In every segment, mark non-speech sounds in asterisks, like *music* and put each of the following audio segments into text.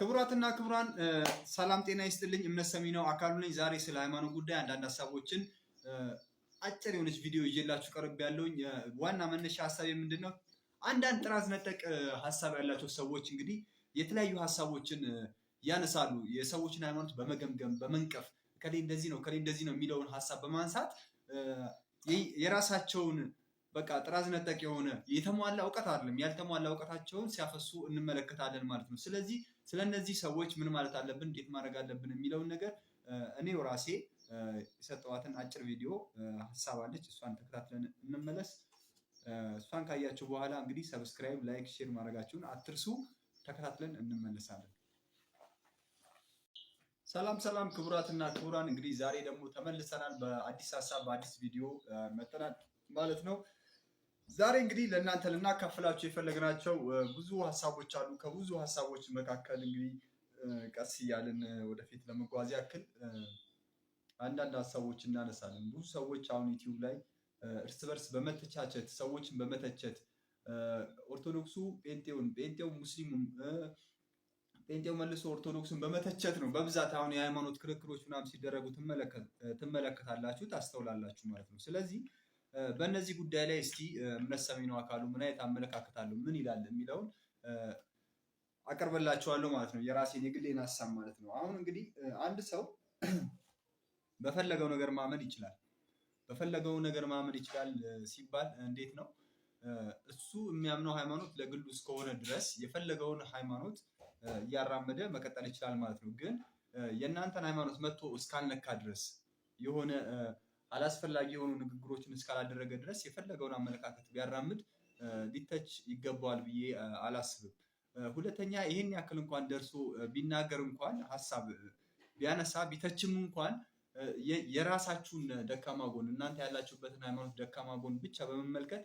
ክቡራትና ክቡራን ሰላም ጤና ይስጥልኝ። እምነት ሰሚ ነው አካሉ ነኝ። ዛሬ ስለ ሃይማኖት ጉዳይ አንዳንድ ሀሳቦችን አጭር የሆነች ቪዲዮ እየላችሁ ቀርብ ያለውኝ። ዋና መነሻ ሀሳብ ምንድን ነው? አንዳንድ ጥራዝ ነጠቅ ሀሳብ ያላቸው ሰዎች እንግዲህ የተለያዩ ሀሳቦችን ያነሳሉ። የሰዎችን ሃይማኖት በመገምገም በመንቀፍ ከሌ እንደዚህ ነው ከሌ እንደዚህ ነው የሚለውን ሀሳብ በማንሳት የራሳቸውን በቃ ጥራዝ ነጠቅ የሆነ የተሟላ እውቀት አይደለም፣ ያልተሟላ እውቀታቸውን ሲያፈሱ እንመለከታለን ማለት ነው። ስለዚህ ስለ እነዚህ ሰዎች ምን ማለት አለብን፣ እንዴት ማድረግ አለብን የሚለውን ነገር እኔው ራሴ የሰጠዋትን አጭር ቪዲዮ ሀሳብ አለች። እሷን ተከታትለን እንመለስ። እሷን ካያችሁ በኋላ እንግዲህ ሰብስክራይብ፣ ላይክ፣ ሼር ማድረጋችሁን አትርሱ። ተከታትለን እንመለሳለን። ሰላም ሰላም፣ ክቡራትና ክቡራን እንግዲህ ዛሬ ደግሞ ተመልሰናል። በአዲስ ሀሳብ በአዲስ ቪዲዮ መጠናል ማለት ነው። ዛሬ እንግዲህ ለእናንተ ልናካፍላቸው የፈለግናቸው ብዙ ሀሳቦች አሉ። ከብዙ ሀሳቦች መካከል እንግዲህ ቀስ እያልን ወደፊት ለመጓዝ ያክል አንዳንድ ሀሳቦች እናነሳለን። ብዙ ሰዎች አሁን ዩቲዩብ ላይ እርስ በርስ በመተቻቸት ሰዎችን በመተቸት ኦርቶዶክሱ ጴንጤውን፣ ጴንጤው ሙስሊሙን፣ ጴንጤው መልሶ ኦርቶዶክሱን በመተቸት ነው በብዛት አሁን የሃይማኖት ክርክሮች ምናምን ሲደረጉ ትመለከታላችሁ፣ ታስተውላላችሁ ማለት ነው። ስለዚህ በእነዚህ ጉዳይ ላይ እስቲ እምነት ነው አካሉ ምን አይነት አመለካከት አለው ምን ይላል የሚለውን አቀርበላቸዋለሁ ማለት ነው። የራሴን የግሌን ሀሳብ ማለት ነው። አሁን እንግዲህ አንድ ሰው *clears throat* በፈለገው ነገር ማመን ይችላል። በፈለገው ነገር ማመን ይችላል ሲባል እንዴት ነው? እሱ የሚያምነው ሃይማኖት ለግሉ እስከሆነ ድረስ የፈለገውን ሃይማኖት እያራመደ መቀጠል ይችላል ማለት ነው። ግን የእናንተን ሃይማኖት መጥቶ እስካልነካ ድረስ የሆነ አላስፈላጊ የሆኑ ንግግሮችን እስካላደረገ ድረስ የፈለገውን አመለካከት ቢያራምድ ሊተች ይገባዋል ብዬ አላስብም። ሁለተኛ ይህን ያክል እንኳን ደርሶ ቢናገር እንኳን ሀሳብ ቢያነሳ ቢተችም እንኳን የራሳችሁን ደካማ ጎን እናንተ ያላችሁበትን ሃይማኖት ደካማ ጎን ብቻ በመመልከት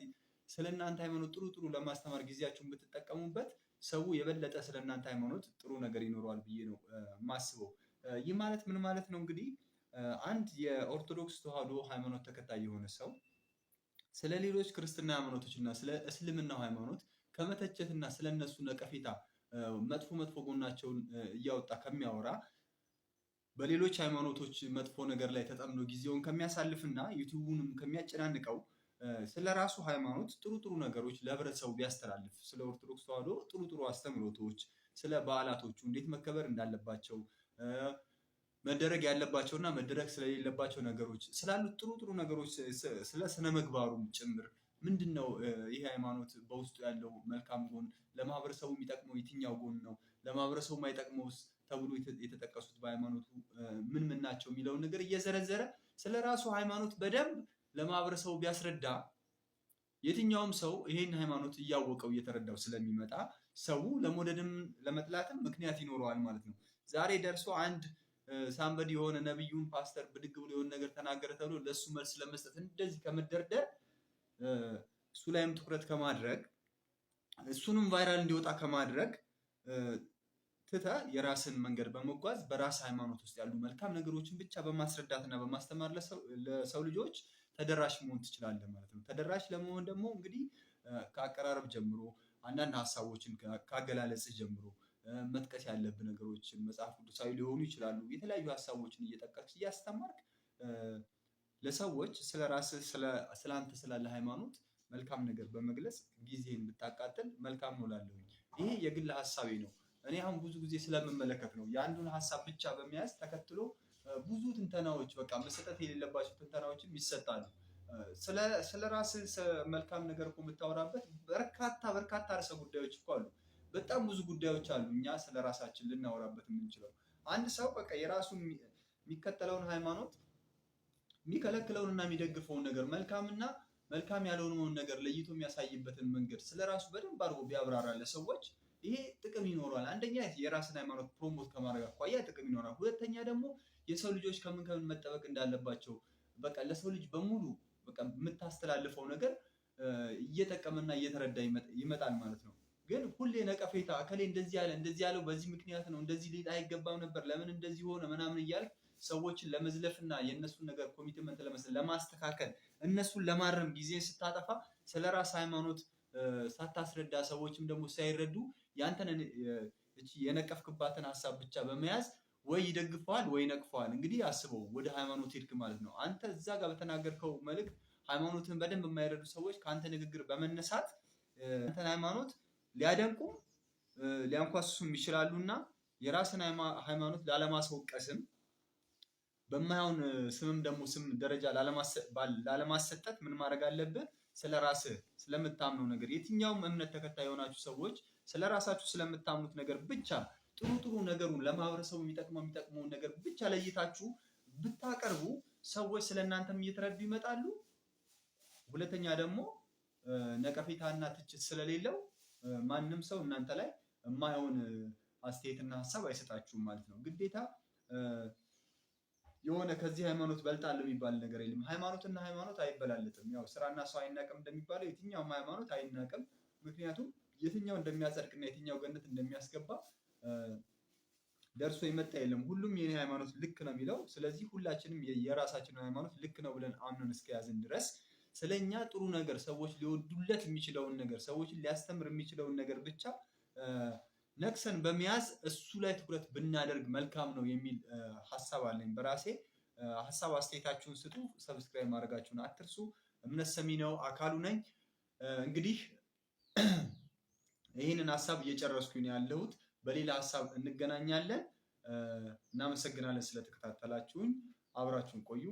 ስለ እናንተ ሃይማኖት ጥሩ ጥሩ ለማስተማር ጊዜያችሁን ብትጠቀሙበት ሰው የበለጠ ስለ እናንተ ሃይማኖት ጥሩ ነገር ይኖረዋል ብዬ ነው የማስበው። ይህ ማለት ምን ማለት ነው እንግዲህ አንድ የኦርቶዶክስ ተዋህዶ ሃይማኖት ተከታይ የሆነ ሰው ስለ ሌሎች ክርስትና ሃይማኖቶችና ስለ እስልምናው ሃይማኖት ስለ ስለነሱ ነቀፌታ መጥፎ መጥፎ ጎናቸውን እያወጣ ከሚያወራ በሌሎች ሃይማኖቶች መጥፎ ነገር ላይ ተጠምዶ ጊዜውን ከሚያሳልፍና ዩቲዩቡንም ከሚያጨናንቀው ስለ ራሱ ሃይማኖት ጥሩ ጥሩ ነገሮች ለህብረተሰቡ ቢያስተላልፍ ስለ ኦርቶዶክስ ተዋህዶ ጥሩ ጥሩ አስተምሮቶች፣ ስለ በዓላቶቹ እንዴት መከበር እንዳለባቸው መደረግ ያለባቸውና መደረግ ስለሌለባቸው ነገሮች ስላሉት ጥሩ ጥሩ ነገሮች ስለ ስነ ምግባሩም ጭምር ምንድን ነው ይህ ሃይማኖት በውስጡ ያለው መልካም ጎን፣ ለማህበረሰቡ የሚጠቅመው የትኛው ጎን ነው፣ ለማህበረሰቡ የማይጠቅመውስ ተብሎ የተጠቀሱት በሃይማኖቱ ምን ምን ናቸው የሚለውን ነገር እየዘረዘረ ስለ ራሱ ሃይማኖት በደንብ ለማህበረሰቡ ቢያስረዳ የትኛውም ሰው ይሄን ሃይማኖት እያወቀው እየተረዳው ስለሚመጣ ሰው ለመውደድም ለመጥላትም ምክንያት ይኖረዋል ማለት ነው። ዛሬ ደርሶ አንድ ሳምበድ የሆነ ነቢዩን ፓስተር ብድግ ብሎ የሆነ ነገር ተናገረ ተብሎ ለእሱ መልስ ለመስጠት እንደዚህ ከመደርደር እሱ ላይም ትኩረት ከማድረግ እሱንም ቫይራል እንዲወጣ ከማድረግ ትተ የራስን መንገድ በመጓዝ በራስ ሃይማኖት ውስጥ ያሉ መልካም ነገሮችን ብቻ በማስረዳት እና በማስተማር ለሰው ልጆች ተደራሽ መሆን ትችላለህ ማለት ነው። ተደራሽ ለመሆን ደግሞ እንግዲህ ከአቀራረብ ጀምሮ አንዳንድ ሀሳቦችን ከአገላለጽ ጀምሮ መጥቀስ ያለብን ነገሮችን መጽሐፍ ቅዱሳዊ ሊሆኑ ይችላሉ። የተለያዩ ሀሳቦችን እየጠቀስ እያስተማርክ ለሰዎች ስለ ራስህ ስለ አንተ ስላለ ሃይማኖት መልካም ነገር በመግለጽ ጊዜን ብታቃጥል መልካም ነው ላለሁኝ። ይሄ የግል ሀሳቤ ነው። እኔ አሁን ብዙ ጊዜ ስለምመለከት ነው የአንዱን ሀሳብ ብቻ በመያዝ ተከትሎ ብዙ ትንተናዎች በቃ መሰጠት የሌለባቸው ትንተናዎችም ይሰጣሉ። ስለ ራስህ መልካም ነገር እኮ የምታወራበት በርካታ በርካታ ርዕሰ ጉዳዮች እኮ አሉ። በጣም ብዙ ጉዳዮች አሉ እኛ ስለ ራሳችን ልናወራበት የምንችለው። አንድ ሰው በቃ የራሱ የሚከተለውን ሃይማኖት የሚከለክለውንና የሚደግፈውን ነገር መልካምና መልካም ያልሆነውን ነገር ለይቶ የሚያሳይበትን መንገድ ስለ ራሱ በደንብ አድርጎ ቢያብራራ ለሰዎች ይሄ ጥቅም ይኖረዋል። አንደኛ የራስን ሃይማኖት ፕሮሞት ከማድረግ አኳያ ጥቅም ይኖራል። ሁለተኛ ደግሞ የሰው ልጆች ከምን ከምን መጠበቅ እንዳለባቸው በቃ ለሰው ልጅ በሙሉ በቃ የምታስተላልፈው ነገር እየጠቀመና እየተረዳ ይመጣል ማለት ነው። ግን ሁሌ ነቀፌታ እከሌ እንደዚህ ያለ እንደዚህ ያለው በዚህ ምክንያት ነው እንደዚህ ሊል አይገባም ነበር ለምን እንደዚህ ሆነ ምናምን እያል ሰዎችን ለመዝለፍና የእነሱን ነገር ኮሚትመንት ለመስለ ለማስተካከል እነሱን ለማረም ጊዜ ስታጠፋ ስለ ራስ ሃይማኖት ሳታስረዳ ሰዎችም ደግሞ ሳይረዱ ያንተን የነቀፍክባትን ሀሳብ ብቻ በመያዝ ወይ ይደግፈዋል ወይ ይነቅፈዋል። እንግዲህ አስበው ወደ ሃይማኖት ሄድክ ማለት ነው። አንተ እዛ ጋር በተናገርከው መልእክት ሃይማኖትን በደንብ የማይረዱ ሰዎች ከአንተ ንግግር በመነሳት አንተን ሃይማኖት ሊያደንቁም ሊያንኳስሱም ይችላሉና የራስን ሃይማኖት ላለማስወቀስም በማይሆን ስምም ደግሞ ስም ደረጃ ላለማሰጠት ምን ማድረግ አለብህ? ስለ ራስህ ስለምታምነው ነገር የትኛውም እምነት ተከታይ የሆናችሁ ሰዎች ስለ ራሳችሁ ስለምታምኑት ነገር ብቻ ጥሩ ጥሩ ነገሩን ለማህበረሰቡ የሚጠቅመው የሚጠቅመውን ነገር ብቻ ለይታችሁ ብታቀርቡ ሰዎች ስለ እናንተም እየተረዱ ይመጣሉ። ሁለተኛ ደግሞ ነቀፌታና ትችት ስለሌለው ማንም ሰው እናንተ ላይ የማይሆን አስተያየትና ሀሳብ አይሰጣችሁም ማለት ነው። ግዴታ የሆነ ከዚህ ሃይማኖት በልጣል የሚባል ነገር የለም። ሃይማኖትና ሃይማኖት አይበላለጥም። ያው ስራና ሰው አይናቅም እንደሚባለው የትኛውም ሃይማኖት አይናቅም። ምክንያቱም የትኛው እንደሚያጸድቅና የትኛው ገነት እንደሚያስገባ ደርሶ የመጣ የለም። ሁሉም የኔ ሃይማኖት ልክ ነው የሚለው። ስለዚህ ሁላችንም የራሳችንን ሃይማኖት ልክ ነው ብለን አምነን እስከያዝን ድረስ ስለኛ ጥሩ ነገር ሰዎች ሊወዱለት የሚችለውን ነገር ሰዎችን ሊያስተምር የሚችለውን ነገር ብቻ ነክሰን በመያዝ እሱ ላይ ትኩረት ብናደርግ መልካም ነው የሚል ሀሳብ አለኝ በራሴ። ሀሳብ አስተያየታችሁን ስጡ። ሰብስክራይብ ማድረጋችሁን አትርሱ። እምነት ሰሚ ነው አካሉ ነኝ። እንግዲህ ይህንን ሀሳብ እየጨረስኩኝ ያለሁት። በሌላ ሀሳብ እንገናኛለን። እናመሰግናለን ስለተከታተላችሁኝ። አብራችሁን ቆዩ።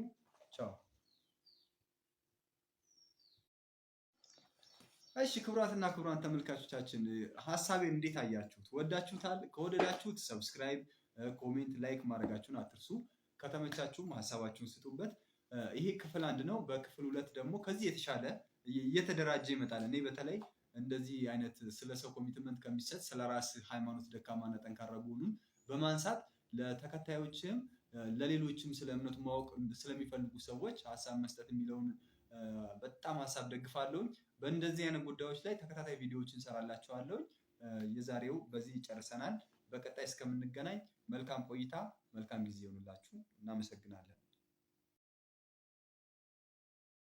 ቻው እሺ ክቡራትና ክቡራን ተመልካቾቻችን ሀሳቤ እንዴት አያችሁት? ወዳችሁታል? ከወደዳችሁት ሰብስክራይብ፣ ኮሜንት፣ ላይክ ማድረጋችሁን አትርሱ። ከተመቻችሁም ሀሳባችሁን ስጡበት። ይሄ ክፍል አንድ ነው። በክፍል ሁለት ደግሞ ከዚህ የተሻለ እየተደራጀ ይመጣል። እኔ በተለይ እንደዚህ አይነት ስለ ሰው ኮሚትመንት ከሚሰጥ ስለ ራስ ሃይማኖት ደካማና ጠንካራ ጎኑን በማንሳት ለተከታዮችም ለሌሎችም ስለ እምነቱ ማወቅ ስለሚፈልጉ ሰዎች ሀሳብ መስጠት የሚለውን በጣም ሀሳብ ደግፋለሁኝ። በእንደዚህ አይነት ጉዳዮች ላይ ተከታታይ ቪዲዮዎች እንሰራላችኋለሁኝ። የዛሬው በዚህ ጨርሰናል። በቀጣይ እስከምንገናኝ መልካም ቆይታ፣ መልካም ጊዜ ይሆኑላችሁ። እናመሰግናለን።